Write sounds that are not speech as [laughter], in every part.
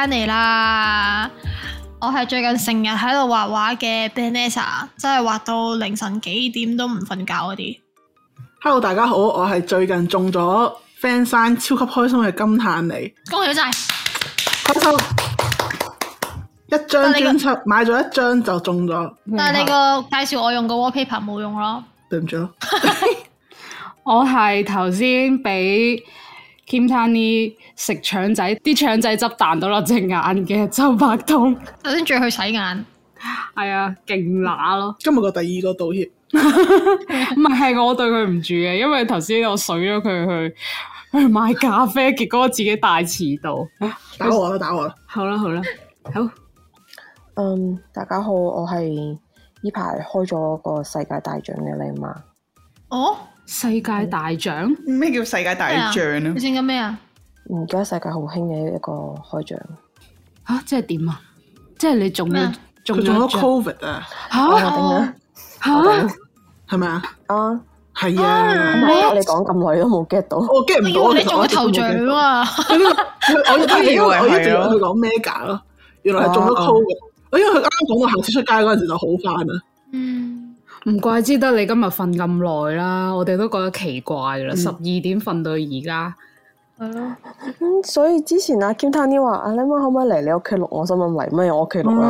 翻嚟啦！我係最近成日喺度畫畫嘅 Banessa，真係畫到凌晨幾點都唔瞓覺嗰啲。Hello，大家好，我係最近中咗 Fan Sign，超級開心嘅金碳妮恭喜晒，抽一張專輯，買咗一張就中咗。但係你個介紹我用個 Wallpaper 冇用咯，對唔住咯， [laughs] [laughs] 我係頭先俾。兼攤啲食腸仔，啲腸仔汁彈到落隻眼嘅周伯通。頭先仲要去洗眼，係啊，勁乸咯。今日個第二個道歉，唔 [laughs] 係 [laughs] 我對佢唔住嘅，因為頭先我水咗佢去去買咖啡，結果我自己大遲到。啊， [laughs] 打我啦，打我啦。好啦，好啦，好。嗯，um，大家好，我係呢排開咗個世界大獎嘅 Lang Ma。哦！Oh? 世界大獎？咩叫世界大獎啊？你整緊咩啊？而家世界好興嘅一個開獎吓，即係點啊？即係你仲要仲要？佢中咗 covid 啊？吓吓，係咪啊？啊係啊！咁你講咁耐都冇 get 到，我 get 唔到你中咗頭獎啊！我我我我一直喺度講 mega 咯，原來係中咗 covid。因為佢啱啱講到下次出街嗰陣時就好翻啦。嗯。唔怪之得你今日瞓咁耐啦，我哋都覺得奇怪啦，嗯、十二點瞓到而家。係咯、嗯，咁、嗯嗯、所以之前阿、啊、金碳妮話阿靚媽可唔可以嚟你屋企錄？我想問嚟咩我屋企錄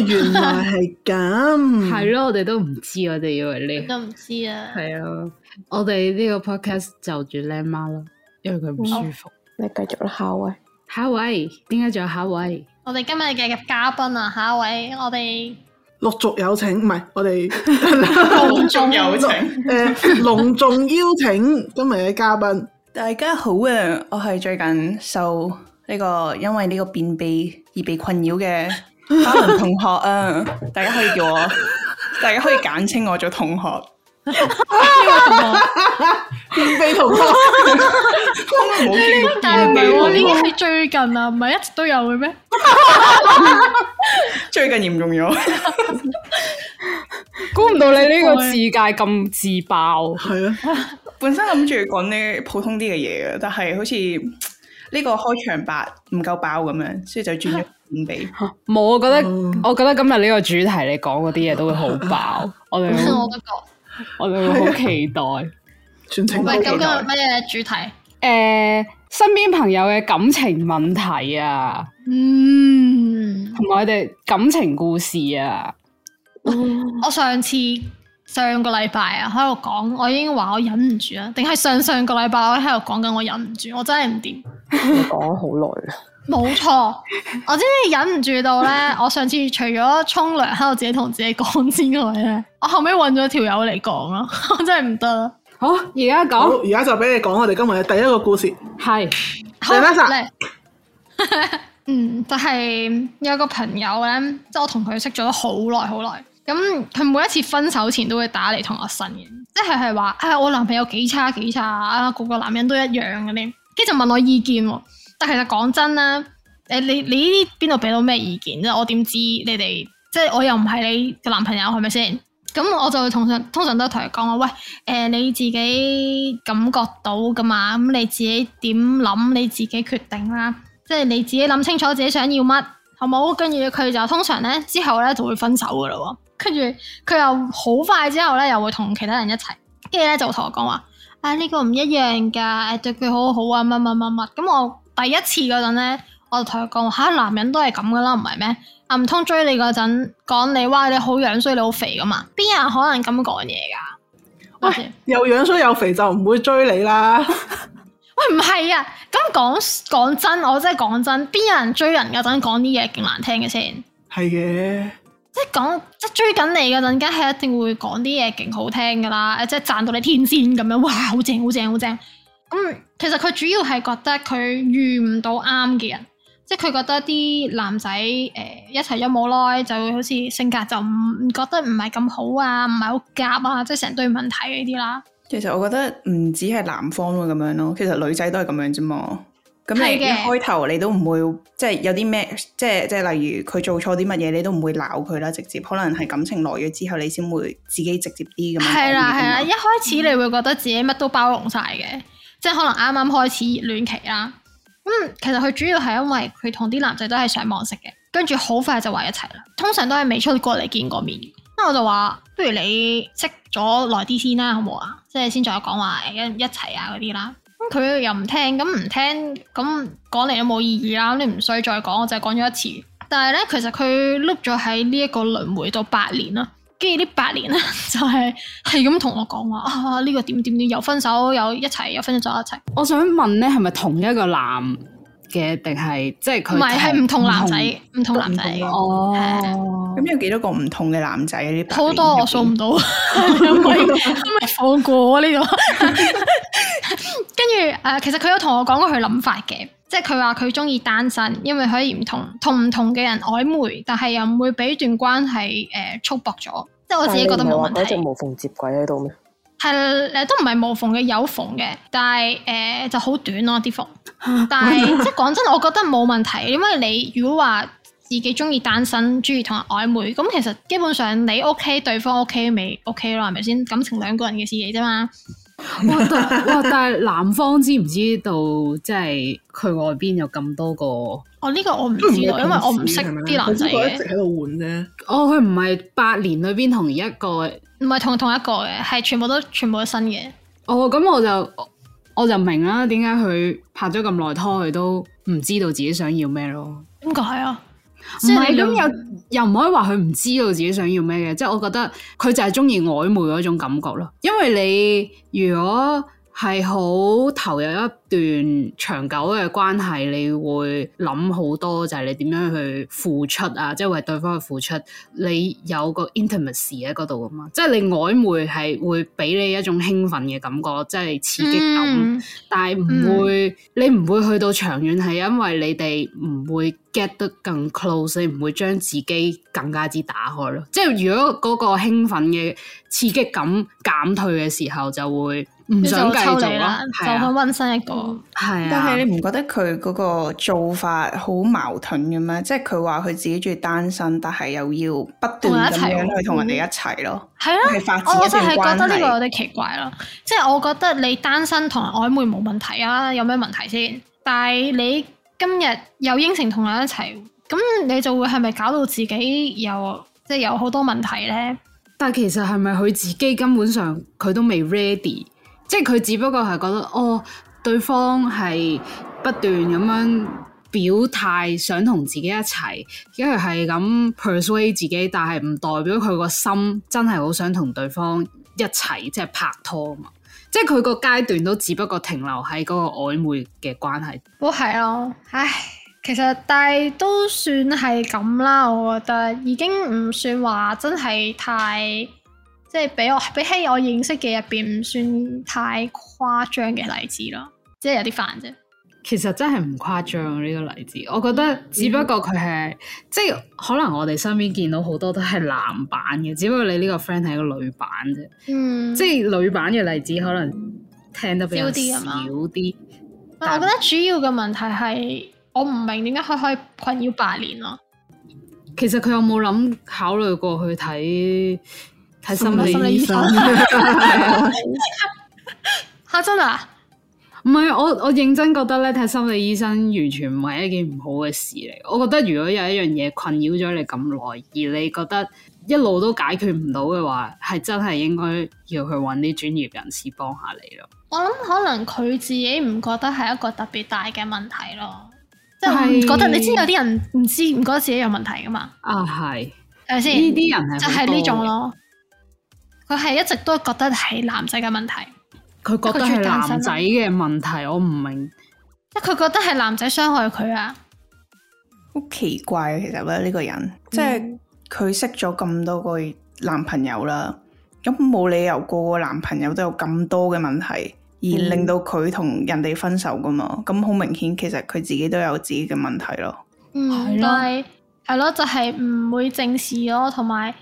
翻原來係咁。係咯， [laughs] 我哋都唔知，我哋以為你都唔知啊。係啊，我哋呢個 podcast 就住靚媽啦，因為佢唔舒服。嗯、你繼續啦，下位，下一位，點解仲有下一位，啊、位？我哋今日嘅嘉賓啊，下一位，我哋。陸續有請，唔係我哋隆重有請， [laughs] 誒隆重邀請今日嘅嘉賓。大家好啊，我係最近受呢、這個因為呢個便秘而被困擾嘅花輪同學啊， [laughs] 大家可以叫我， [laughs] 大家可以簡稱我做同學。便秘同學，呢啲唔係喎，呢啲最近啊，唔係一直都有嘅咩？最近嚴重咗，估唔到你呢個自介咁自爆。係啊，本身諗住講啲普通啲嘅嘢嘅，但係好似呢個開場白唔夠爆咁樣，所以就轉咗便秘。冇，我覺得，我覺得今日呢個主題你講嗰啲嘢都會好爆。我哋我我哋會好期待，唔係講緊乜嘢主題？誒、欸，身邊朋友嘅感情問題啊，嗯，同埋我哋感情故事啊。嗯、我上次上個禮拜啊，喺度講，我已經話我忍唔住啊。定係上上個禮拜，我喺度講緊，我忍唔住，我真係唔掂。講咗好耐啊！冇錯，錯， [laughs] 我真係忍唔住到咧。 [laughs] 我上次除咗沖涼喺度自己同自己講之外咧，我後尾揾咗條友嚟講咯。我真係唔得啦。好，而家講，而家就俾你講我哋今日嘅第一個故事。係是，好唔好？來 [laughs] 嗯，就係有個朋友咧，即、就、係、是、我同佢識咗好耐好耐。咁佢每一次分手前都會打嚟同我呻嘅，即係係話唉，我男朋友幾差幾差啊，個個男人都一樣嗰啲，跟住就問我意見喎。但其實講真啦，誒，你你呢啲邊度俾到咩意見啫？我點知你哋？即係我又唔係你嘅男朋友，係咪先？咁我就通常通常都同佢講話，喂，誒、呃，你自己感覺到噶嘛？咁你自己點諗？你自己決定啦。即係你自己諗清楚自己想要乜，好冇？跟住佢就通常咧之後咧就會分手噶啦。跟住佢又好快之後咧又會同其他人一齊，呢跟住咧就同我講話，啊呢、這個唔一樣噶，誒、啊、對佢好好啊，乜乜乜乜咁我。第一次嗰陣咧，我就同佢講，吓、啊，男人都係咁噶啦，唔係咩？啊，唔通追你嗰陣講你，哇！你好樣衰，你好肥噶嘛？邊有人可能咁講嘢噶？喂，等等又樣衰又肥就唔會追你啦。 [laughs] 喂，唔係啊，咁講講真，我真係講真，邊有人追人嗰陣講啲嘢勁難聽嘅先？係嘅的。即係講，即係追緊你嗰陣，梗係一定會講啲嘢勁好聽噶啦，即係讚到你天仙咁樣，哇！好正，好正，好正咁。其實佢主要係覺得佢遇唔到啱嘅人，即係佢覺得啲男仔誒、呃、一齊咗冇耐，就會好似性格就唔覺得唔係咁好啊，唔係好夾啊，即係成堆問題呢啲啦。其實我覺得唔止係男方會咁樣咯，其實女仔都係咁樣啫嘛。咁你開頭你都唔會即係有啲咩，即係即係例如佢做錯啲乜嘢，你都唔會鬧佢啦，直接可能係感情耐咗之後，你先會自己直接啲咁樣。係啦係啦，一開始你會覺得自己乜都包容晒嘅。即係可能啱啱開始熱戀期啦，咁、嗯、其實佢主要係因為佢同啲男仔都係上網識嘅，跟住好快就話一齊啦。通常都係未出過嚟見過面，咁我就話不如你識咗耐啲先啦，好唔好啊？即係先再講話一一齊啊嗰啲啦。咁佢又唔聽，咁唔聽，咁講嚟都冇意義啦。咁你唔需要再講，我就講咗一次。但係咧，其實佢碌咗喺呢一個輪迴到八年啦。 [laughs] 跟住呢八年咧，就係係咁同我講話啊！呢、呢個點點點，又分手，又一齊，又分手，一齊。我想問咧，係咪同一個男嘅，定係即係佢？唔係，係唔同男仔，唔同男仔哦。咁、哦、有幾多個唔同嘅男仔、啊？呢，好多，我數唔到， [laughs] 有冇 [laughs] 放過呢、啊、個？跟住誒，其實佢有同我講過佢諗法嘅。即係佢話佢中意單身，因為可以唔同同唔同嘅人曖昧，但係又唔會俾段關係誒束縛咗。即係我自己覺得冇問題。即係無縫接軌喺度咩？係誒，都唔係無縫嘅，有縫嘅，但係誒、呃、就好短咯啲縫。但係 [laughs] 即係講真，我覺得冇問題，因為你如果話自己中意單身，中意同人曖昧，咁其實基本上你 OK，對方 OK 未 OK 咯，係咪先？感情兩個人嘅事嚟啫嘛。 [laughs] 哇！但係，哇！但係，男方知唔知道，即係佢外邊有咁多個？哦、呢、這個我唔知道，因為我唔識啲男仔嘅。一直喺度換啫。是是 [laughs] 哦，佢唔係八年裏邊同一個，唔係同同一個嘅，係全部都全部都新嘅。哦，咁我就我就明啦，點解佢拍咗咁耐拖，佢都唔知道自己想要咩咯？點解啊？唔係咁，又又唔可以話佢唔知道自己想要咩嘅，即係我覺得佢就係中意曖昧嗰種感覺咯。因為你如果，係好投入一段長久嘅關係，你會諗好多，就係你點樣去付出啊，即係為對方去付出。你有個 intimacy 喺嗰度啊嘛，即係你曖昧係會俾你一種興奮嘅感覺，即係刺激感。嗯、但係唔會，嗯、你唔會去到長遠，係因為你哋唔會 get 得更 close，你唔會將自己更加之打開咯。即係如果嗰個興奮嘅刺激感減退嘅時候，就會。唔想繼你咯，啊、就去溫身一個。係、啊、但係你唔覺得佢嗰個做法好矛盾嘅咩？即係佢話佢自己鍾意單身，但係又要不斷咁樣去同人哋一齊咯。係、嗯、啊，發我都就係覺得呢個有啲奇怪咯。即係我覺得你單身同人曖昧冇問題啊，有咩問題先？但係你今日又應承同人一齊，咁你就會係咪搞到自己有即係、就是、有好多問題咧？但係其實係咪佢自己根本上佢都未 ready？即係佢只不過係覺得哦，對方係不斷咁樣表態想同自己一齊，跟住係咁 persuade 自己，但係唔代表佢個心真係好想同對方一齊，即係拍拖啊嘛！即係佢個階段都只不過停留喺嗰個曖昧嘅關係。都係咯，唉，其實但係都算係咁啦，我覺得已經唔算話真係太。即係俾我俾起我認識嘅入邊唔算太誇張嘅例子咯，即係有啲煩啫。其實真係唔誇張呢個例子，我覺得、嗯、只不過佢係、嗯、即係可能我哋身邊見到好多都係男版嘅，只不過你呢個 friend 係個女版啫，嗯、即係女版嘅例子可能聽得比較少啲。嗯、少啲，但我覺得主要嘅問題係我唔明點解佢可以困擾八年咯。其實佢有冇諗考慮過去睇？睇心理醫生吓真 [laughs] [laughs] 啊？唔係我我認真覺得咧，睇心理醫生完全唔係一件唔好嘅事嚟。我覺得如果有一樣嘢困擾咗你咁耐，而你覺得一路都解決唔到嘅話，係真係應該要去揾啲專業人士幫下你咯。我諗可能佢自己唔覺得係一個特別大嘅問題咯，即係是覺得你知有啲人唔知唔覺得自己有問題噶嘛？啊係係咪先？呢啲等人就係呢種咯。佢係一直都覺得係男仔嘅問題，佢覺得係男仔嘅問題，我唔明。即係佢覺得係男仔傷害佢啊，好奇怪啊！其實咧呢個人，嗯、即係佢識咗咁多個男朋友啦，咁冇理由個個男朋友都有咁多嘅問題，而令到佢同人哋分手噶嘛？咁好、嗯、明顯，其實佢自己都有自己嘅問題咯。嗯，係係咯，就係、是、唔會正視咯，同埋。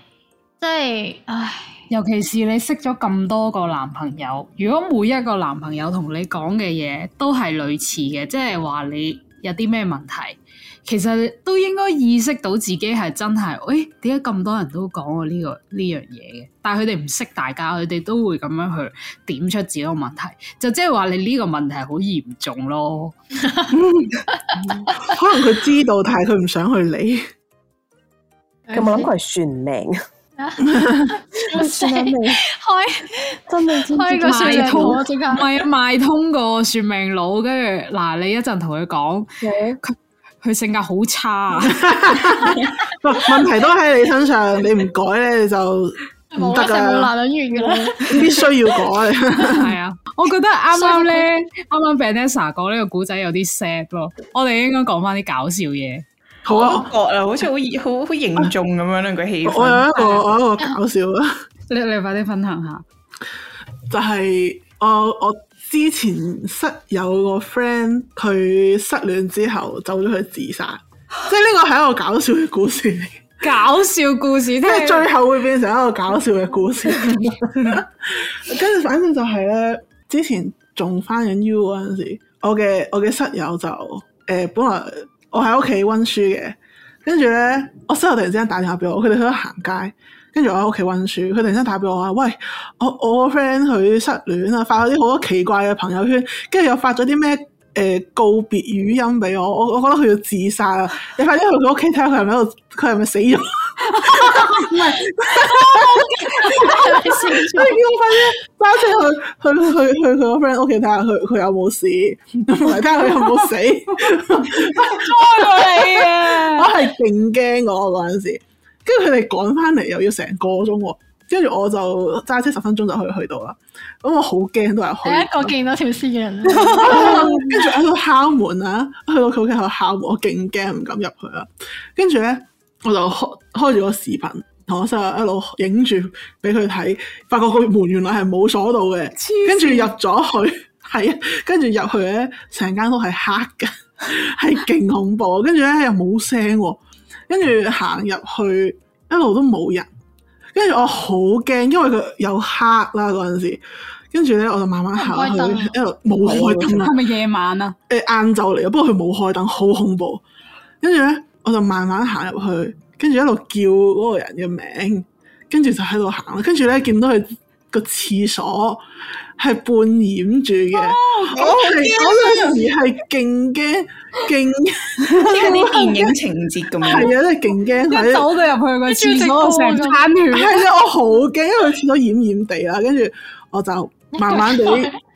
即係，對唉，尤其是你識咗咁多個男朋友，如果每一個男朋友同你講嘅嘢都係類似嘅，即係話你有啲咩問題，其實都應該意識到自己係真係，誒、哎，點解咁多人都講我呢個呢樣嘢嘅？但係佢哋唔識大家，佢哋都會咁樣去點出自己個問題，就即係話你呢個問題好嚴重咯。 [laughs] 嗯嗯、可能佢知道， [laughs] 但係佢唔想去理。有冇諗過係算命？啊！算命開，真係開個算命我唔係啊，賣通個算命佬，跟住嗱，你一陣同佢講，佢佢性格好差啊！問題都喺你身上，你唔改咧就唔得噶啦，啲需要改係啊！我覺得啱啱咧，啱啱 Vanessa 講呢個古仔有啲 sad 咯，我哋應該講翻啲搞笑嘢。好都覺啊，好似好熱，好好凝重咁樣咧，個氣氛。我有一個，我一個搞笑啊！你你快啲分享下，就係我我之前室友個 friend，佢失戀之後走咗去自殺，即係呢個係一個搞笑嘅故事嚟。 [laughs] 搞笑故事即係 [laughs] 最後會變成一個搞笑嘅故事。跟 [laughs] 住反正就係、是、咧，之前仲翻緊 U 嗰陣時，我嘅我嘅室友就誒、呃、本來。我喺屋企溫書嘅，跟住咧，我室友突然之間打電話俾我，佢哋去咗行街，跟住我喺屋企溫書，佢突然之間打俾我話：喂，我我個 friend 佢失戀啦，發咗啲好多奇怪嘅朋友圈，跟住又發咗啲咩？誒、呃，告別語音俾我，我我覺得佢要自殺啊。你快啲去佢屋企睇下佢係咪喺度，佢係咪死咗？唔係，我快啲，我快啲，我快啲去去去去佢個 friend 屋企睇下佢佢有冇事，同埋睇下佢有冇死。你啊！我係勁驚我嗰陣時，跟住佢哋趕翻嚟又要成個鐘。跟住我就揸車十分鐘就可以去到啦。咁我好驚都入去。一個見到條屍嘅人。跟住喺度敲門啦，去到佢屋企後敲門，我勁驚唔敢入去啦。跟住咧，我就開開住個視頻，同我細佬一路影住俾佢睇。發覺個門原來係冇鎖到嘅，跟住入咗去，係啊，跟住入去咧，成間屋係黑㗎，係勁恐怖。跟住咧又冇聲，跟住行入去，一路都冇人。跟住我好驚，因為佢有黑啦嗰陣時，跟住咧我就慢慢行去，一路冇開燈。係咪夜晚啊？誒，晏晝嚟嘅，不過佢冇開燈，好恐怖。跟住咧，我就慢慢行入去，跟住一路叫嗰個人嘅名，跟住就喺度行。跟住咧見到佢。個廁所係半掩住嘅，oh, 我係嗰陣時係勁驚，勁啲 [laughs] [laughs] 電影情節咁，係啊， [laughs] 真係勁驚，一走就入去個廁所成眼團，係啊，我好驚，因為廁所掩掩地啦，跟住我就。慢慢地，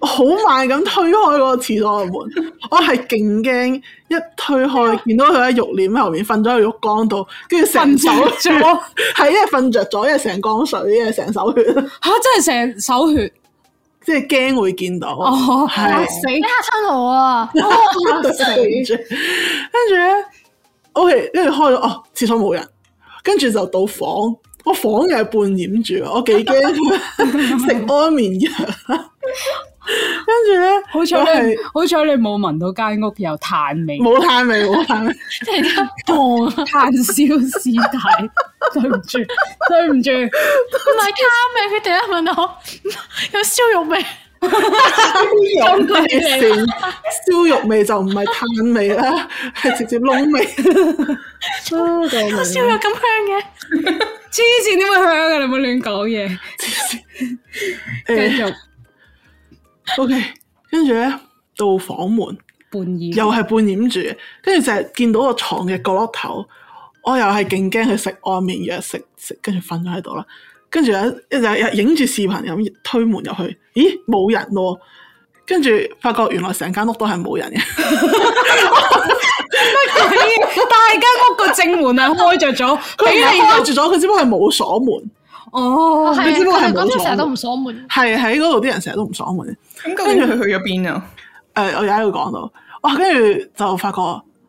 好 [laughs] 慢咁推開嗰個廁所嘅門， [laughs] 我係勁驚一推開，見到佢喺肉簾後面瞓咗喺浴缸度，跟住成手，係因為瞓着咗，因為成缸水，因為成手血，吓、啊，真係成手血，即係驚會見到，哦，係死嚇親我啊，嚇死，跟住，O K，跟住開咗，哦，廁所冇人，跟住就到房。我又係半掩住，我幾驚食安眠藥。跟住咧，好彩你係，好彩你冇聞到間屋有炭味，冇炭味，冇炭味，真係一磅炭燒屍體，對唔住，對唔住，唔係炭味，佢第一問我有燒肉味。燒 [laughs] [laughs] 肉味就唔係炭味啦，係 [laughs] 直接燶味。我燒肉咁香嘅，黐線點會香嘅、啊？你唔好亂講嘢。繼續、 [laughs] 欸。O K，跟住咧到房門，半掩染又係半掩住，跟住就係見到個床嘅角落頭，我又係勁驚去食安眠藥，食食跟住瞓咗喺度啦。跟住一就又影住視頻咁推門入去，咦冇人咯、啊！跟住發覺原來成間屋都係冇人嘅。大 [laughs] 間 [laughs] 屋個正門啊，開着咗，佢係開着咗，佢只不過係冇鎖門。哦，你只不過係冇鎖門。佢成日都唔鎖門。係喺嗰度啲人成日都唔鎖門。咁跟住佢去咗邊啊？誒，我而家喺度講到，哇！跟住就發覺，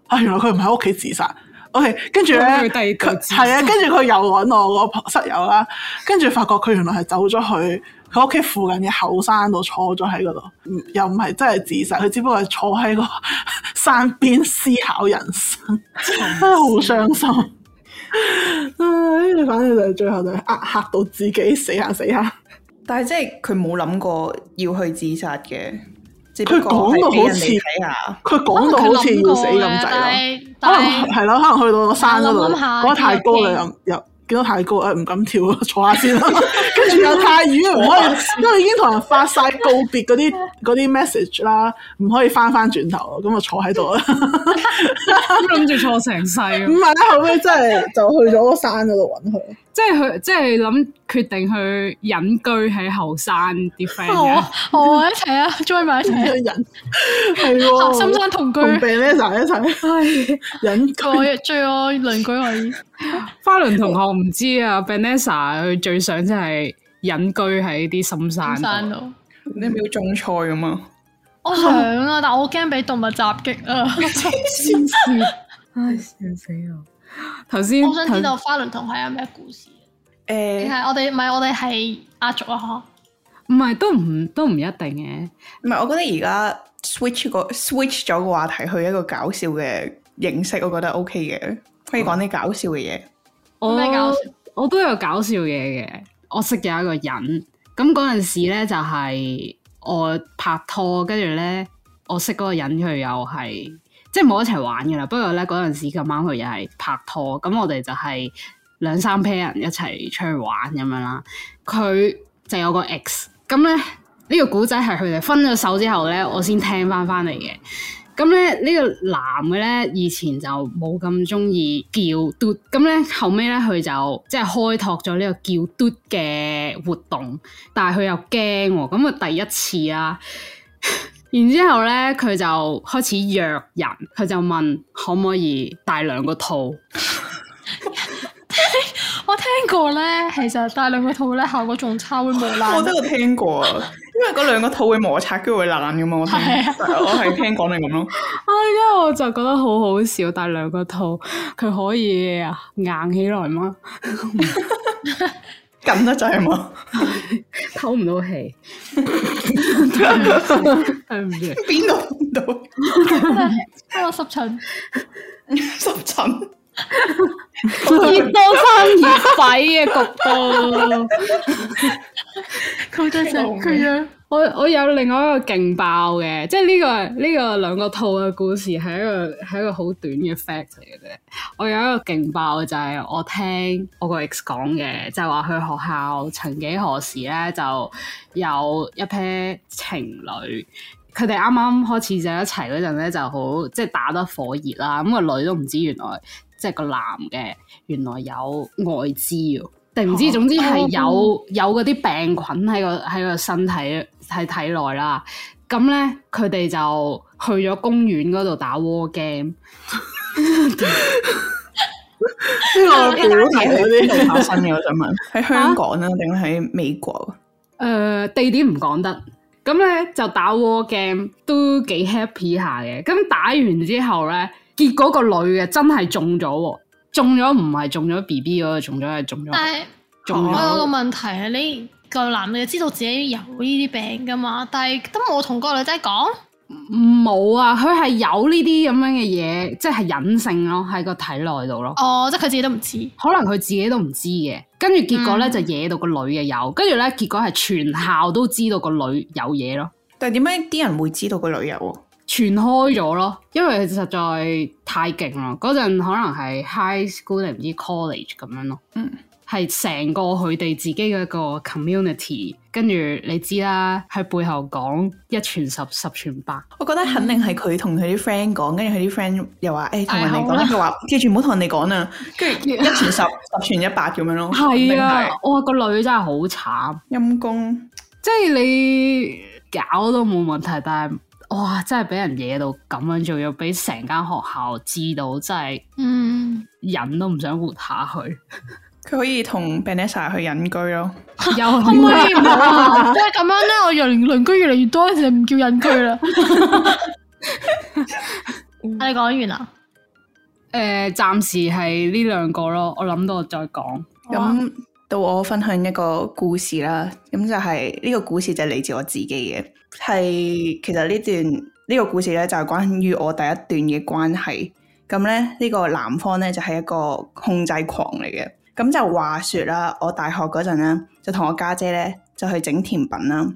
哎、啊，原來佢唔喺屋企自殺。O.K. 跟住着咧，係啊，他他跟住佢又搵我個室友啦， [laughs] 跟住發覺佢原來係走咗去佢屋企附近嘅後山度坐咗喺嗰度，又唔係真係自殺，佢只不過係坐喺個山邊思考人生，真係好傷心啊！跟住反正就係最後就係呃嚇到自己死下死下，但係即係佢冇諗過要去自殺嘅。佢講到好似，佢講到好似要死咁滯啦。可能係咯，可能去到個山嗰度，得太高啦又又見到太高，誒唔敢跳啊，坐下先啦。跟住又太遠，唔可以，因為已經同人發晒告別嗰啲嗰啲 message 啦，唔可以翻翻轉頭，咁就坐喺度啦。諗住坐成世。唔係，咧後尾真係就去咗個山嗰度揾佢。即係佢，即係諗決定去隱居喺後山啲 friend。我我、哦哦、一齊啊，join 埋一齊去隱。係喎，深山同居。同 Banessa [laughs] 一齊。係 [laughs] 隱、哎、居，最愛鄰居係 [laughs] 花輪同學。唔知啊 Banessa, [laughs] 佢最想真係隱居喺啲深山。深山度你咪要種菜啊 [laughs] 我想啊，但我驚俾動物襲擊啊。黐線，唉，笑死,死我。 [laughs] [laughs] 頭先，我想知道花輪同學有咩故事？誒、欸，係我哋唔係我哋係阿族啊？嗬，唔係都唔都唔一定嘅。唔係，我覺得而家 switch 個 switch 咗個話題去一個搞笑嘅形式，我覺得 OK 嘅，可以講啲搞笑嘅嘢。我我都有搞笑嘢嘅，我識嘅有一個人，咁嗰陣時咧就係、是、我拍拖，跟住咧我識嗰個人佢又係。即係冇一齊玩噶啦，不過咧嗰陣時咁啱佢又係拍拖，咁我哋就係兩三 pair 人一齊出去玩咁樣啦。佢就有個 ex，咁咧呢個古仔係佢哋分咗手之後咧，我先聽翻翻嚟嘅。咁咧呢個男嘅咧以前就冇咁中意叫嘟，咁咧後尾咧佢就即係開拓咗呢個叫嘟嘅活動，但係佢又驚、哦，咁啊第一次啊.。 [laughs] 然之後咧，佢就開始約人，佢就問可唔可以戴兩個套 [laughs] 我聽過咧，其實戴兩個套咧效果仲差，會冇爛。 [laughs] 我都有聽過，因為嗰兩個套會摩擦，跟住會爛噶嘛。我係 [laughs] [laughs] 我係聽講你咁咯。 [laughs] [laughs] 啊，因為我就覺得好好笑，戴兩個套，佢可以硬起來嗎？ [laughs] [laughs] 緊得滯係嘛，唞唔到氣，邊度邊度，我濕疹，濕疹，熱到生熱痱嘅局部！佢多謝佢樣。 [laughs] 我我有另外一個勁爆嘅，即係呢、這個呢、這個兩個套嘅故事係一個係一個好短嘅 fact 嚟嘅啫。我有一個勁爆嘅就係、是、我聽我個 ex 講嘅，就係、是、話去學校曾幾何時咧就有一 pair 情侶，佢哋啱啱開始一就一齊嗰陣咧就好即係打得火熱啦。咁、那個女都唔知原來即係、就是、個男嘅原來有外資。定唔知，總之係有有嗰啲病菌喺個喺個身體喺體內啦。咁、嗯、咧，佢哋就去咗公園嗰度打 war game。 [laughs] [laughs] 呢個故事喺邊度發生嘅我想問喺 [laughs] 香港啦，定喺美國？誒、啊呃，地點唔講得。咁咧就打 war game 都幾 happy 下嘅。咁打完之後咧，結果個女嘅真係中咗喎。中咗唔係中咗 B B 嗰個，中咗係中咗。但係仲有個問題係，你個男嘅知道自己有呢啲病噶嘛？但係都冇同個女仔講。冇啊，佢係有呢啲咁樣嘅嘢，即係隱性咯，喺個體內度咯。哦，即係佢自己都唔知。可能佢自己都唔知嘅，跟住結果咧就惹到個女嘅有，跟住咧結果係全校都知道個女有嘢咯。但係點解啲人會知道個女有？傳開咗咯，因為佢實在太勁咯。嗰陣可能係 high school 定唔知 college 咁樣咯，係成、嗯、個佢哋自己嘅一個 community。跟住你知啦，喺背後講一傳十，十傳八。我覺得肯定係佢同佢啲 friend 講，跟住佢啲 friend 又話，誒、哎，同人哋講，跟住話記住唔好同人哋講啊。跟住 [laughs] 一傳十，十傳一百咁樣咯。係啊，是哇，個女真係好慘，陰公功。即係你搞都冇問題，但係。哇！真係俾人惹到咁樣做，要俾成間學校知道，真係忍都唔想活下去。佢、嗯、 [noise] 可以同 Banessa 去隱居咯。 [laughs] 又 [laughs] 可唔可以，可以，可以 [laughs] 即係咁樣咧？我越嚟鄰居越嚟越多，就唔叫隱居啦。我哋講完啦？誒、呃，暫時係呢兩個咯。我諗到我再講咁。到我分享一個故事啦，咁就係、是、呢、這個故事就係嚟自我自己嘅，係其實呢段呢、這個故事咧就係、是、關於我第一段嘅關係，咁咧呢、這個男方咧就係、是、一個控制狂嚟嘅，咁就話説啦，我大學嗰陣咧就同我家姐咧就去整甜品啦，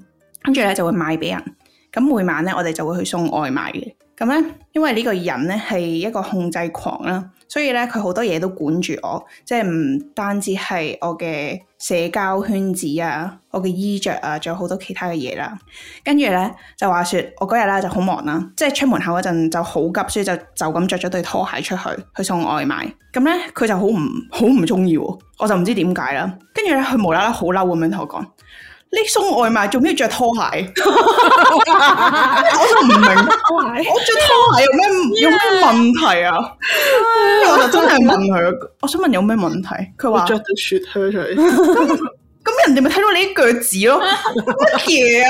跟住咧就會賣俾人。咁每晚咧，我哋就會去送外賣嘅。咁咧，因為呢個人咧係一個控制狂啦，所以咧佢好多嘢都管住我，即係唔單止係我嘅社交圈子啊，我嘅衣着啊，仲有好多其他嘅嘢啦。跟住咧就話説，我嗰日咧就好忙啦，即係出門口嗰陣就好急，所以就就咁着咗對拖鞋出去去送外賣。咁咧佢就好唔好唔中意喎，我就唔知點解啦。呢跟住咧佢無啦啦好嬲咁樣同我講。你送外賣做咩要着拖鞋， [laughs] [laughs] 我都唔明。拖鞋？我着拖鞋有咩有咩問題啊？ [laughs] 我就真係問佢， [laughs] 我想問有咩問題。佢話着住雪靴出嚟。咁 [laughs] 人哋咪睇到你啲腳趾咯，乜嘢啊？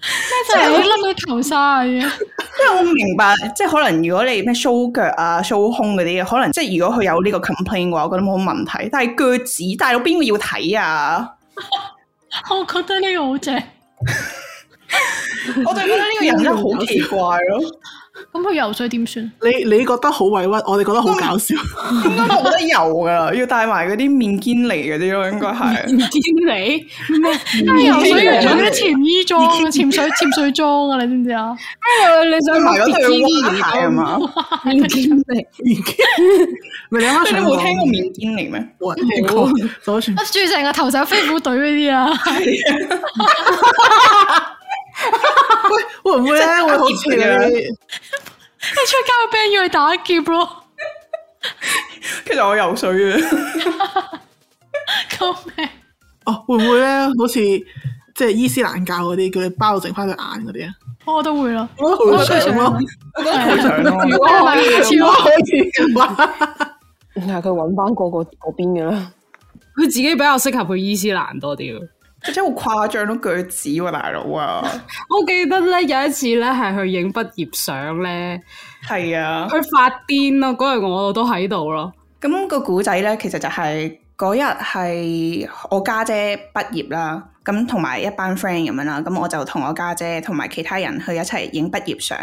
咩真係好諗佢頭晒啊！因為 [laughs] [laughs] [laughs] [laughs] 我唔明白，即係可能如果你咩 show 腳啊、show 胸嗰啲，可能即係如果佢有呢個 complain 嘅話，我覺得冇問題。但係腳趾，大佬邊個要睇啊？我覺得呢個好正。我就覺得呢個 [laughs] [laughs] [laughs] 人真係好奇怪咯、啊。 [laughs] [laughs] 咁佢游水點算？你你覺得好委屈，我哋覺得好搞笑。咁啱都得游噶，要帶埋嗰啲面肩嚟嘅啫，應該係。面肩嚟咩？游水要着啲潛衣裝、潛水潛水裝啊！你知唔知啊？因為你想埋咗對鞋係嘛？面肩嚟，唔係你冇聽過面肩嚟咩？我你講，我穿我成個頭像飛虎隊嗰啲啊！會唔會咧？會好勁嘅 [laughs] 你出街個 b 要去打劫咯。 [laughs] 其實我游水啊，救命！哦，會唔會咧？好似即係伊斯蘭教嗰啲，叫你包到剩翻對眼嗰啲啊？我都會咯，我都好想！咯，我都好想！咯。 [laughs] 超 [laughs] [laughs] 可以，原來係佢揾翻嗰個嗰邊嘅啦。佢 [laughs] 自己比較適合去伊斯蘭多啲。真係好誇張咯，舉止喎大佬啊！ [laughs] 我記得咧，有一次咧，係去影畢業相咧，係啊，佢發癲咯，嗰日我都喺度咯。咁個古仔咧，其實就係嗰日係我家姐畢業啦，咁同埋一班 friend 咁樣啦，咁我就同我家姐同埋其他人去一齊影畢業相。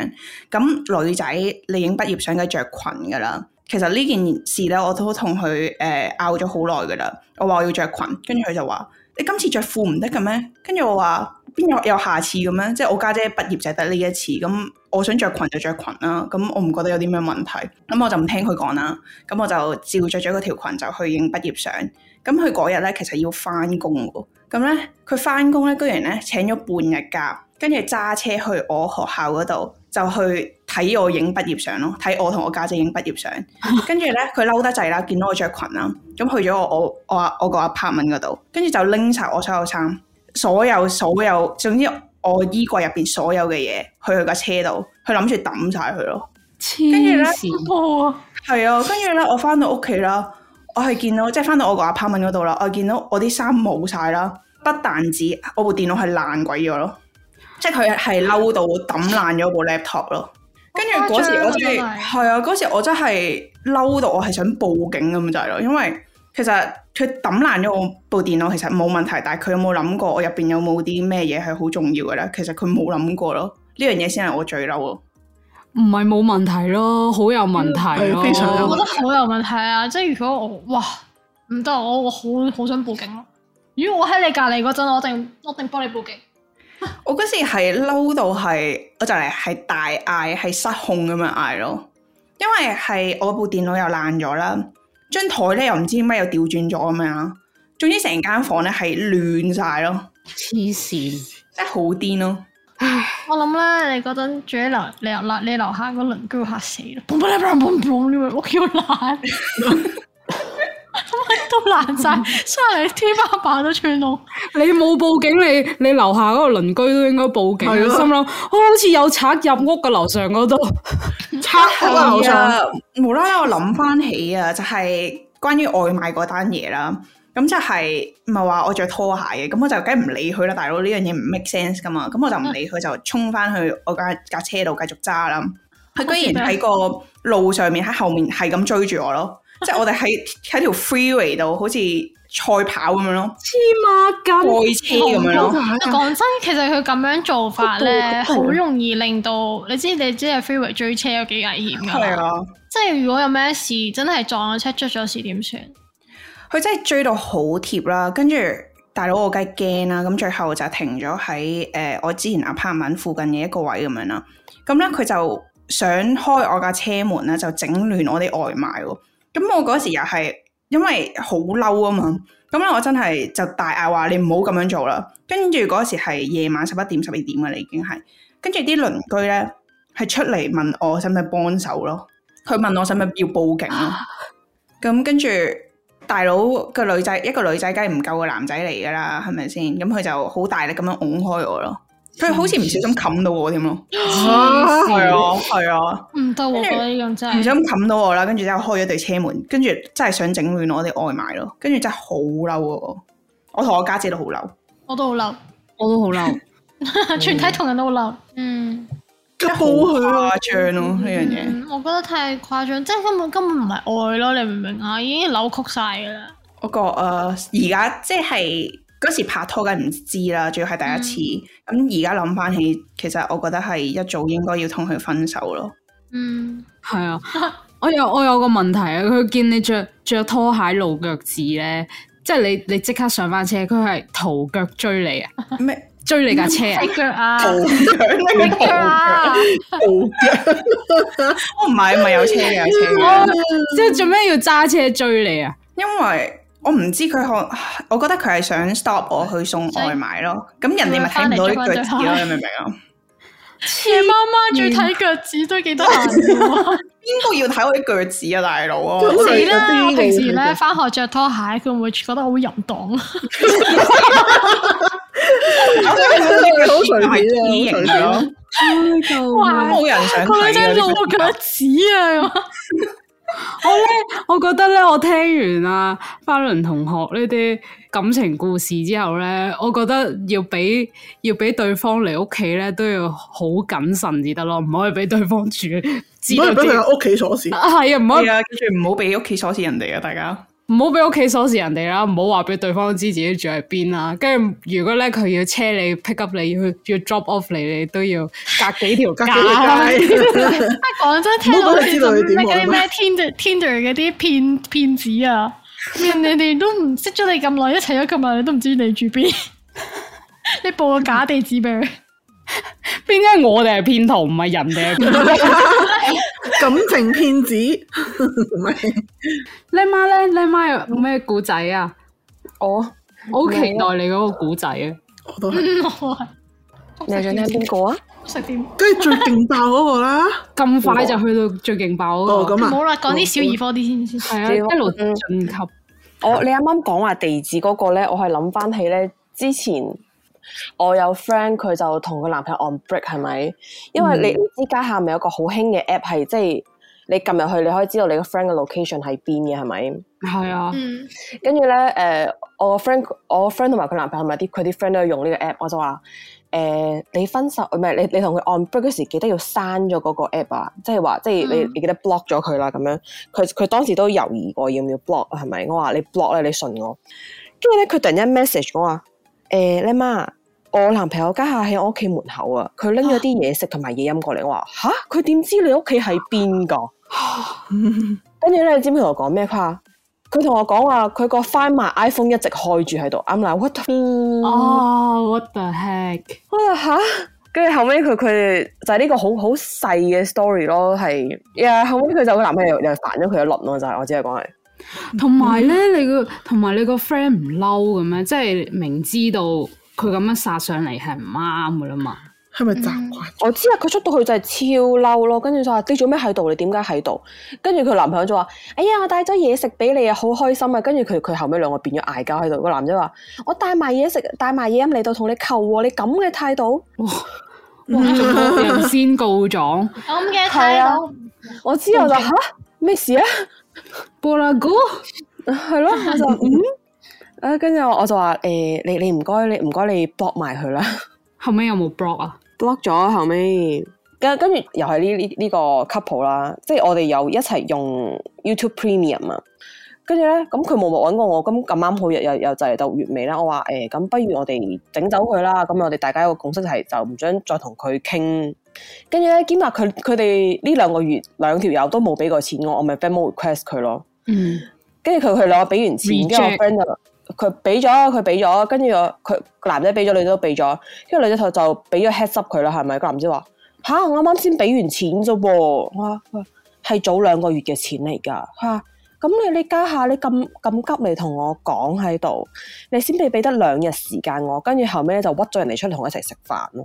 咁女仔你影畢業相梗係着裙噶啦，其實呢件事咧，我都同佢誒拗咗好耐噶啦。我話我要着裙，跟住佢就話。你今次着褲唔得嘅咩？跟住我話邊有有下次咁樣？即係我家姐畢業就得呢一次，咁我想着裙就着裙啦。咁我唔覺得有啲咩問題，咁我就唔聽佢講啦。咁我就照着咗嗰條裙就去影畢業相。咁佢嗰日咧，其實要翻工喎。咁咧，佢翻工咧，居然咧請咗半日假，跟住揸車去我學校嗰度。就去睇我影畢業相咯，睇我同我家姐影畢業相。跟住咧，佢嬲得滯啦，見到我着裙啦，咁去咗我我我我個 apartment 嗰度，跟住就拎晒我所有衫，所有所有，總之我衣櫃入邊所有嘅嘢，去佢架車度，佢諗住抌晒佢咯。黐線！哇，係啊， [laughs] 跟住咧，我翻到屋企啦，我係見到即係翻到我個 apartment 嗰度啦，我見到我啲衫冇晒啦，不但止我，我部電腦係爛鬼咗咯。即係佢係嬲到抌爛咗部 laptop 咯，跟住嗰時我真係啊，嗰時我真係嬲到我係想報警咁就係咯，因為其實佢抌爛咗我部電腦其實冇問題，但係佢有冇諗過我入邊有冇啲咩嘢係好重要嘅咧？其實佢冇諗過咯，呢樣嘢先係我最嬲咯。唔係冇問題咯，好有問題咯，嗯，非常有問題咯，我覺得好有問題啊！即係如果我哇唔得，我我好我好，好想報警咯。如果我喺你隔籬嗰陣，我定我定，我定幫你報警。 [laughs] 我嗰時係嬲到係，我就嚟係大嗌，係失控咁樣嗌咯。因為係我部電腦又爛咗啦，張台咧又唔知點解又調轉咗咁樣，總之成間房咧係亂晒咯，黐線，即係好癲咯。唉我諗咧，你嗰陣住喺樓，你樓你樓下嗰鄰居嚇死咯，boom boom boom boom boom，屋企好爛。 [laughs] [laughs] [laughs] 都爛晒，出嚟天花、啊、板都穿窿。 [laughs] 你冇報警，你你樓下嗰個鄰居都應該報警。 [laughs] 心諗，我、哦、好似有賊入屋噶樓上嗰度。拆好 [laughs] 啊！無啦啦，我諗翻起啊，就係、是、關於外賣嗰單嘢啦。咁就係唔係話我着拖鞋嘅，咁我,我就梗唔理佢啦，大佬呢樣嘢唔 make sense 噶嘛。咁我就唔理佢，就衝翻去我間架車度繼續揸啦。佢 [laughs] 居然喺個路上面喺後面係咁追住我咯。 [laughs] 即係我哋喺喺條 freeway 度，好似賽跑咁樣咯，黐孖筋，賽車咁樣咯。但講 [laughs] 真，其實佢咁樣做法咧，好 [laughs] 容易令到你知，你知喺 freeway 追車有幾危險噶。係啊的，即係如果有咩事，真係撞咗車出咗事，點算？佢 [laughs] 真係追到好貼啦，跟住大佬我梗係驚啦。咁最後就停咗喺誒我之前阿拍文附近嘅一個位咁樣啦。咁咧佢就想開我架車門咧，就整亂我啲外賣喎。咁我嗰時又係因為好嬲啊嘛，咁咧我真係就大嗌，話你唔好咁樣做啦。跟住嗰時係夜晚十一點十二點㗎喇，你已經係。跟住啲鄰居咧係出嚟問我使唔使幫手咯，佢問我使唔使要報警咯。咁跟住大佬個女仔，一個女仔梗係唔夠個男仔嚟噶啦，係咪先？咁佢就好大力咁樣拱開我咯。佢好似唔小心冚到我添咯。係啊係啊，唔得喎！呢樣真係唔小心冚到我啦，跟住之後開咗對車門，跟住真係想整亂我哋外賣咯，跟住真係好嬲啊！我同我家姐都好嬲，我都好嬲，我都好嬲， [laughs] 嗯、全體同人都好嬲。嗯，好誇張咯呢樣嘢，我覺得太誇張，即係根本根本唔係愛咯，你明唔明啊？已經扭曲晒噶啦。我覺誒而家即係。嗰時拍拖梗係唔知啦，仲要係第一次。咁而家諗翻起，其實我覺得係一早應該要同佢分手咯。嗯，係啊。我有我有個問題啊，佢見你着着拖鞋露腳趾咧，即係你你即刻上翻車，佢係逃腳追你啊？咩？追你架車？腳麼啊！逃腳腳！逃腳啊！逃腳、 [laughs] [laughs] 哦！我唔係唔係有車嘅，有車。 [laughs] 我即係做咩要揸車追你啊？因為。我唔知佢可，我覺得佢係想 stop 我去送外賣咯。咁人哋咪睇唔到啲腳趾咯，啊，你明唔明啊？夜媽媽最睇腳趾都幾多，啊？邊個要睇我啲腳趾啊，大佬啊！死啦！的我平時咧翻趾學着拖鞋，佢會唔會覺得好淫蕩啊？好隨便啊！隨便啊！邊度冇人想睇呢啲腳趾啊？ [laughs] [laughs] [laughs] 我咧，我覺得咧，我聽完啊花輪同學呢啲感情故事之後咧，我覺得要俾要俾對方嚟屋企咧，都要好謹慎至得咯，唔可以俾對方住，唔可以俾屋企鎖匙啊，係啊，跟住唔好俾屋企鎖匙人哋啊，大家。唔好俾屋企鎖匙人哋啦，唔好話俾對方知自己住喺邊啊。跟住如果咧佢要車你、pick up 你、要要 drop off you，你，你都要隔幾條街。講 [laughs] [laughs] 真，聽到好似就咩嗰啲咩 Tinder、Tinder 嗰啲騙騙子啊！ [laughs] 人哋都唔識咗你咁耐，一齊咗咁耐，你都唔知你住邊， [laughs] 你報個假地址俾佢。變 [laughs] 咗我哋係騙徒，唔係人哋係 [laughs] [laughs] 感情騙子。.咩？靚媽咧，靚媽有咩故仔啊？我我好期待你嗰個故仔啊！我都係，你係想聽邊個啊？食點？跟住最勁爆嗰個啦，咁快就去到最勁爆嗰個。哦咁啊！好啦，講啲小兒科啲先先，係啊，一路晉級。我你啱啱講話地址嗰個咧，我係諗翻起咧，之前我有 friend 佢就同個男朋友 on break 係咪？因為你知家下咪有個好興嘅 app 係即係。你撳入去，你可以知道你個 friend 嘅 location 喺邊嘅，係咪？係啊，跟住咧，誒、呃，我個 friend，我個 friend 同埋佢男朋友係咪啲，佢啲 friend 都用呢個 app。我就話，誒、呃，你分手唔係、呃、你你同佢 on break 嗰時，記得要刪咗嗰個 app 啊，即係話，即係你你記得 block 咗佢啦咁樣。佢佢當時都猶豫過要唔要 block，係咪？我話你 block 咧，你信我。跟住咧，佢突然間 message 我話，誒、欸，你媽，我男朋友家下喺我屋企門口啊，佢拎咗啲嘢食同埋嘢飲過嚟。我話吓？佢點知你屋企喺邊㗎？跟住咧，你知唔知同我講咩？佢佢同我講話，佢、啊、個 Find My iPhone 一直開住喺度。啱啦、like,，what the, what the heck？吓，跟住後尾，佢佢就係呢個好好細嘅 story 咯，係。呀、yeah,，後尾佢就個男朋友又煩咗佢一輪咯，就係我只係講係。同埋咧，你個同埋你個 friend 唔嬲咁樣？即係明知道佢咁樣殺上嚟係唔啱噶啦嘛。係咪責怪？我知啊，佢出到去就係超嬲咯，跟住就話你做咩喺度？你點解喺度？跟住佢男朋友就話：哎呀，我帶咗嘢食俾你啊，好開心啊！跟住佢佢後屘兩個變咗嗌交喺度。個男仔話：我帶埋嘢食，帶埋嘢咁嚟到同你求喎，你咁嘅態度，人先告狀。咁嘅態度，我知我就吓咩事啊？布拉古係咯，我就嗯啊，跟住我就話：誒，你你唔該，你唔該，你搏埋佢啦。後尾有冇搏 l 啊？lock 咗後尾，跟跟住又係呢呢呢個 couple 啦，即係我哋又一齊用 YouTube Premium 啊，跟住咧咁佢冇冇揾過我，咁咁啱好日又又就嚟到月尾啦，我話誒咁不如我哋整走佢啦，咁我哋大家有個共識係就唔想再同佢傾，跟住咧兼埋佢佢哋呢兩個月兩條友都冇俾過錢我，我咪 family request 佢咯。嗯，跟住佢佢攞俾完錢，跟住全我 friend 咗。佢俾咗，佢俾咗，跟住我佢男仔俾咗，女仔都俾咗，跟住女仔佢就俾咗 head s u p 佢啦，係咪？個男仔話吓，我啱啱先俾完錢啫噃，係、啊啊、早兩個月嘅錢嚟噶，佢、啊、咁你你家下你咁咁急嚟同我講喺度，你先至俾得兩日時間我，跟住後尾咧就屈咗人哋出嚟同我一齊食飯咯，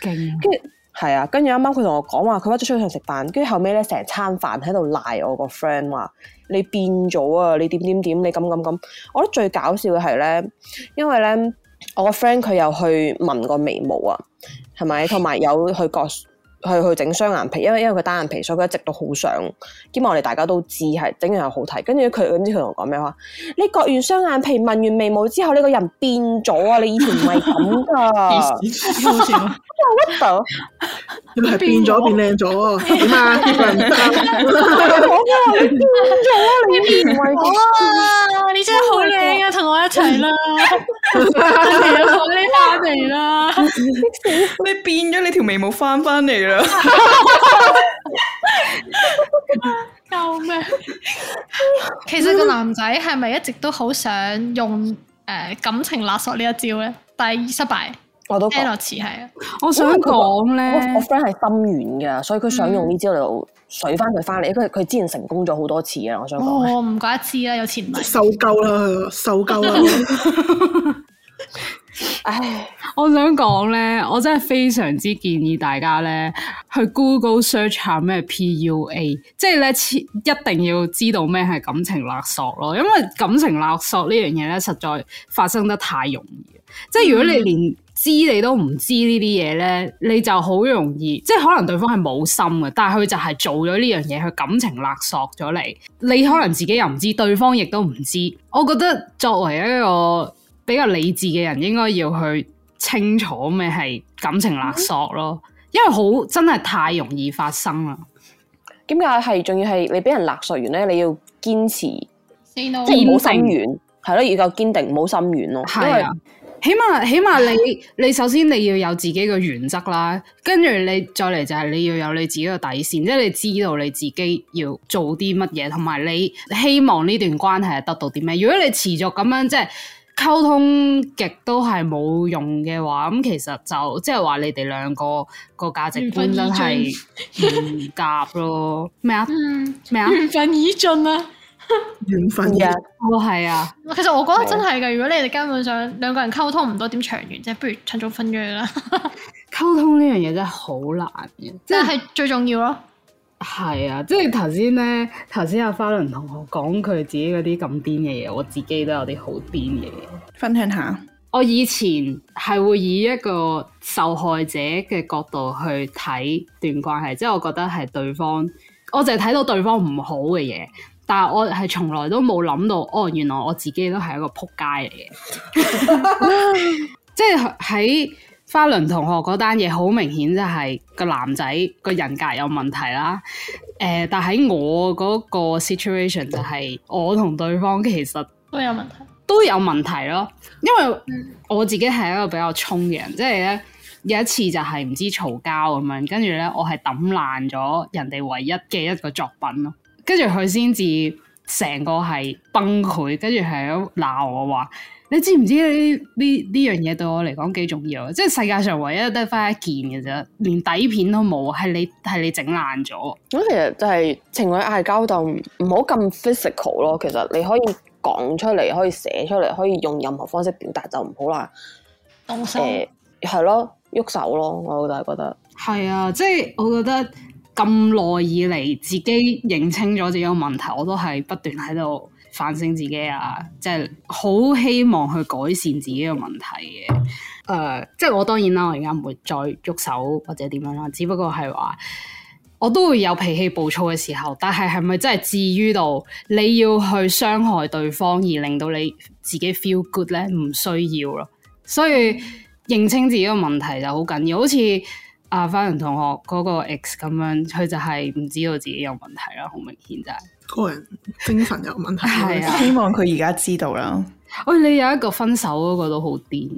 嚇勁、嗯！跟住係啊，跟住啱啱佢同我講話，佢屈咗出去同人食飯，跟住後尾咧成餐飯喺度賴我個 friend 話你變咗啊，你點點點，你咁咁咁。我覺得最搞笑嘅係咧，因為咧我個 friend 佢又去紋個眉毛啊，係咪同埋有去割？去去整雙眼皮，因為因為佢單眼皮，所以佢一直都好想。希望我哋大家都知係整完好睇。跟住佢點知佢同我講咩？佢話：你割完雙眼皮、紋完眉毛之後，呢、這個人變咗啊！你以前唔係咁㗎。又核突，係 [laughs] 變咗變靚咗啊嘛！ [laughs] 變唔得，我話你變咗啊！你唔係啊！ [laughs] 你真係好靚啊，同、oh、my 我一齊啦，你變咗你條眉毛翻翻嚟啦，救命！其實個男仔係咪一直都好想用誒、呃、感情勒索呢一招咧？但係失敗。我都聽落似係啊！我想講咧、嗯，我 friend 係心軟嘅，所以佢想用呢招嚟水翻佢翻嚟。因佢佢之前成功咗好多次啊！我想講，我唔、哦、怪得知啦，有潛力。受夠啦，受夠啦！唉，我想講咧，我真係非常之建議大家咧去 Google search 下咩 PUA，即係咧，一定要知道咩係感情勒索咯。因為感情勒索呢樣嘢咧，實在發生得太容易。即係如果你連、嗯知你都唔知呢啲嘢咧，你就好容易，即係可能對方係冇心嘅，但係佢就係做咗呢樣嘢，佢感情勒索咗你。你可能自己又唔知，對方亦都唔知。我覺得作為一個比較理智嘅人，應該要去清楚咩係感情勒索咯，因為好真係太容易發生啦。點解係仲要係你俾人勒索完咧？你要堅持，路即係唔好心軟，係咯性，要夠堅定，冇心軟咯。係啊。起碼，起碼你你首先你要有自己嘅原則啦，跟住你再嚟，就係你要有你自己嘅底線，即係你知道你自己要做啲乜嘢，同埋你希望呢段關係係得到啲咩。如果你持續咁樣，即係溝通極都係冇用嘅話，咁其實就即係話你哋兩個個價值觀真係唔夾咯。咩啊？嗯，咩啊？緣分已盡啊！緣 [laughs] 分，我係、哦、啊， [laughs] 其實我覺得真係嘅。如果你哋根本上兩個人溝通唔多，點長遠啫？不如趁早分咗啦。溝 [laughs] 通呢樣嘢真係好難嘅，但是 即係最重要咯。係啊，即係頭先咧，頭先阿花輪同學講佢自己嗰啲咁癲嘅嘢，我自己都有啲好癲嘅嘢。分享下，我以前係會以一個受害者嘅角度去睇段關係，即係我覺得係對方，我淨係睇到對方唔好嘅嘢。但係我係從來都冇諗到，哦，原來我自己都係一個撲街嚟嘅，即係喺花輪同學嗰單嘢好明顯就係個男仔個人格有問題啦。誒、呃，但喺我嗰個 situation 就係我同對方其實都有問題，都有問題咯。因為我自己係一個比較衝嘅人，即係咧有一次就係唔知嘈交咁樣，跟住咧我係抌爛咗人哋唯一嘅一個作品咯。跟住佢先至成個係崩潰，跟住係喺度鬧我話：你知唔知呢呢樣嘢對我嚟講幾重要？即係世界上唯一得返一件嘅啫，連底片都冇，係你係你整爛咗。咁其實就係情侶嗌交就唔好咁 physical 咯。其實你可以講出嚟，可以寫出嚟，可以用任何方式表達就唔好啦。動手係咯，喐手咯，我就係覺得係啊，即係我覺得。咁耐以嚟，自己認清咗自己嘅問題，我都係不斷喺度反省自己啊！即係好希望去改善自己嘅問題嘅。誒，uh，即係我當然啦，我而家唔會再喐手或者點樣啦。只不過係話，我都會有脾氣暴躁嘅時候，但係，係咪真係至於到你要去傷害對方而令到你自己 feel good 咧？唔需要咯。所以認清自己嘅問題就好緊要，好似～阿花輪同學嗰、那個 x 咁樣，佢就係唔知道自己有問題啦，好明顯就係個人精神有問題。係 [laughs] [laughs] 希望佢而家知道啦。喂、哎，你有一個分手嗰個都好癲，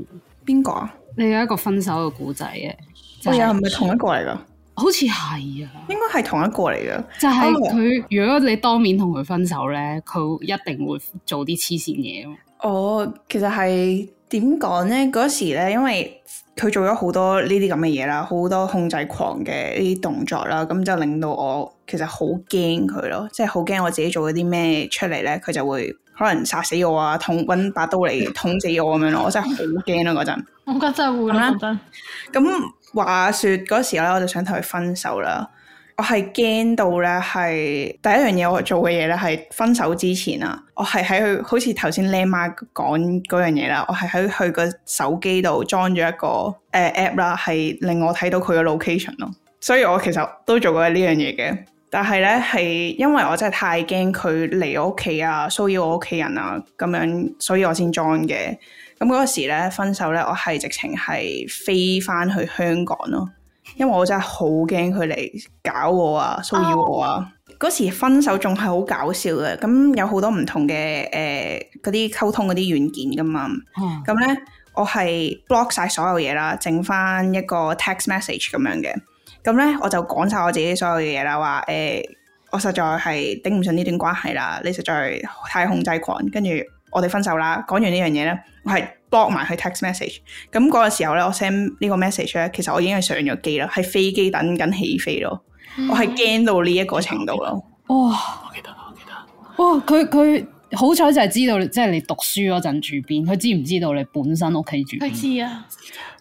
邊個啊？你有一個分手嘅古仔嘅，又係咪同一個嚟噶？好似係啊，應該係同一個嚟嘅。就係佢，嗯、如果你當面同佢分手咧，佢一定會做啲黐線嘢。哦，其實係點講咧？嗰時咧，因為。佢做咗好多呢啲咁嘅嘢啦，好多控制狂嘅呢啲動作啦，咁就令到我其實好驚佢咯，即係好驚我自己做咗啲咩出嚟咧，佢就會可能殺死我啊，捅搵把刀嚟捅死我咁樣咯，我真係好驚啦嗰陣。我覺得真係會咩？咁話説嗰時候咧，我就想同佢分手啦。我係驚到咧，係第一樣嘢我做嘅嘢咧，係分手之前啊，我係喺佢好似頭先 Lang Ma 講嗰樣嘢啦，我係喺佢個手機度裝咗一個誒、呃、app 啦，係令我睇到佢嘅 location 咯。所以我其實都做過呢樣嘢嘅，但係咧係因為我真係太驚佢嚟我屋企啊，騷擾我屋企人啊，咁樣所以我先裝嘅。咁嗰時咧分手咧，我係直情係飛翻去香港咯。因為我真係好驚佢嚟搞我啊，騷擾我啊！嗰 [noise] 時分手仲係好搞笑嘅，咁有好多唔同嘅誒嗰啲溝通嗰啲軟件㗎嘛。咁咧 [noise] 我係 block 晒所有嘢啦，剩翻一個 text message 咁樣嘅。咁咧我就講晒我自己所有嘅嘢啦，話誒、呃、我實在係頂唔順呢段關係啦，你實在太控制狂，跟住我哋分手啦。講完呢樣嘢咧，我係 block 埋去 text message，咁嗰個時候咧，我 send 呢個 message 咧，其實我已經係上咗機啦，係飛機等緊起飛咯，嗯、我係驚到呢一個程度啦，哇、哦！我記得，我記得，哇！佢佢好彩就係知道你，即係你讀書嗰陣住邊，佢知唔知道你本身屋企住邊？佢知啊，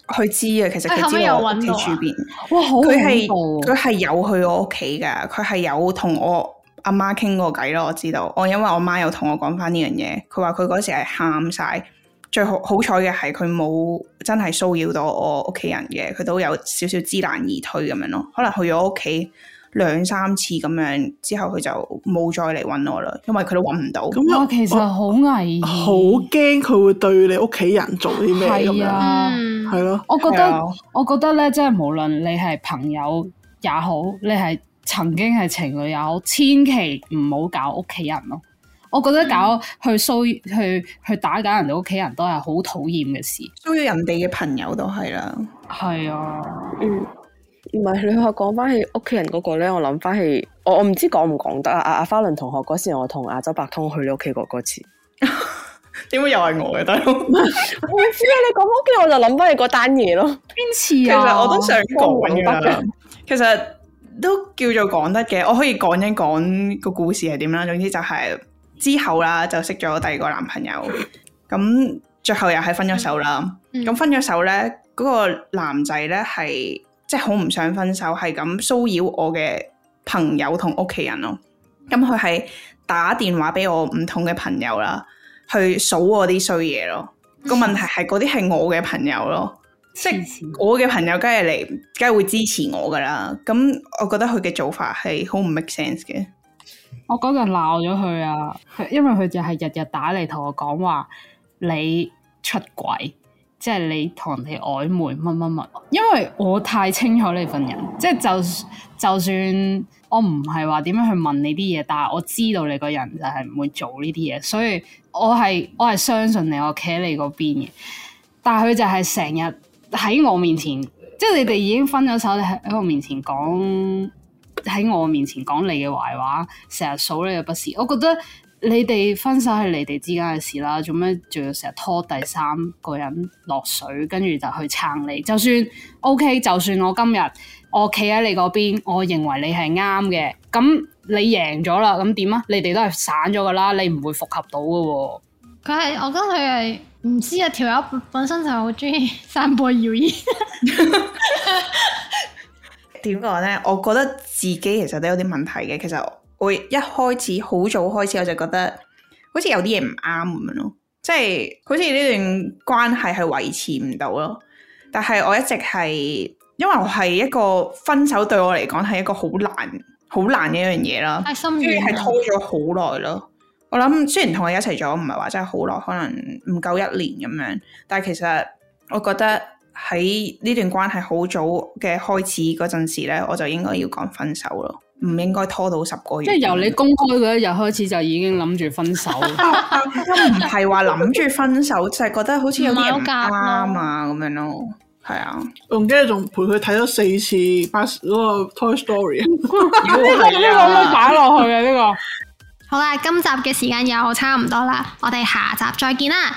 佢知啊，其實佢知道我、啊、住邊。哇，好恐怖佢係佢係有去我屋企噶，佢係有同我阿媽傾過偈咯。我知道，我、哦、因為我媽有同我講翻呢樣嘢，佢話佢嗰時係喊晒。最好好彩嘅係佢冇真係騷擾到我屋企人嘅，佢都有少少知難而退咁樣咯。可能去咗屋企兩三次咁樣之後，佢就冇再嚟搵我啦，因為佢都搵唔到。我其實好危、啊，好驚佢會對你屋企人做啲咩咁樣。係咯、嗯，了我覺得、啊、我覺得咧，即係無論你係朋友也好，你係曾經係情侶也好，千祈唔好搞屋企人咯。我覺得搞去騷擾去去打攪人哋屋企人都係好討厭嘅事，騷擾人哋嘅朋友都係啦，係啊，唔係、嗯、你話講翻起屋企人嗰個咧，我諗翻起我，我唔知講唔講得啊！阿、啊、阿花輪同學嗰時，我同阿周伯通去你屋企過嗰次，點解 [laughs] 又係我嘅？但係唔知啊，你講屋企我就諗翻你嗰單嘢咯，邊次啊？其實我都想講 [laughs] 其實都叫做講得嘅，我可以講一講個故事係點啦。總之就係、是。之後啦，就識咗第二個男朋友，咁 [coughs] 最後又係分咗手啦。咁 [coughs] 分咗手咧，嗰、嗰個男仔咧係即係好唔想分手，係咁騷擾我嘅朋友同屋企人咯。咁佢係打電話俾我唔同嘅朋友啦，去數我啲衰嘢咯。個問題係嗰啲係我嘅朋友咯，識我嘅朋友，梗係嚟，梗係 [coughs] 會支持我噶啦。咁我覺得佢嘅做法係好唔 make sense 嘅。我嗰陣鬧咗佢啊，因為佢就係日日打嚟同我講話你出軌，即係你同人哋曖昧乜乜乜。因為我太清楚你份人，即係就算就算我唔係話點樣去問你啲嘢，但係我知道你個人就係唔會做呢啲嘢，所以我係我係相信你，我企喺你嗰邊嘅。但係佢就係成日喺我面前，即係你哋已經分咗手，你喺喺我面前講。喺我面前講你嘅壞話，成日數你嘅不是，我覺得你哋分手係你哋之間嘅事啦，做咩仲要成日拖第三個人落水，跟住就去撐你？就算 OK，就算我今日我企喺你嗰邊，我認為你係啱嘅，咁你贏咗啦，咁點啊？你哋都係散咗噶啦，你唔會復合到嘅喎。佢係我覺得佢係唔知啊，條友本身就好鍾意散播謠言。 [laughs] [laughs] 點講咧？我覺得自己其實都有啲問題嘅。其實我一開始好早開始，我就覺得好似有啲嘢唔啱咁樣咯。即係好似呢段關係係維持唔到咯。但係我一直係因為我係一個分手對我嚟講係一個好難好難嘅一樣嘢啦。心軟，我雖然係拖咗好耐咯，我諗雖然同佢一齊咗，唔係話真係好耐，可能唔夠一年咁樣。但係其實我覺得。喺呢段關係好早嘅開始嗰陣時咧，我就應該要講分手咯，唔應該拖到十個月。即係由你公開嗰一日開始就已經諗住分手，都唔係話諗住分手，就係、是、覺得好似有嘢唔啱啊咁樣咯。係、嗯、啊，我唔記得仲陪佢睇咗四次《個 Toy Story》啊 [laughs] [laughs] 是，呢個呢個都擺落去嘅呢個。好啦，今集嘅時間又差唔多啦，我哋下集再見啦。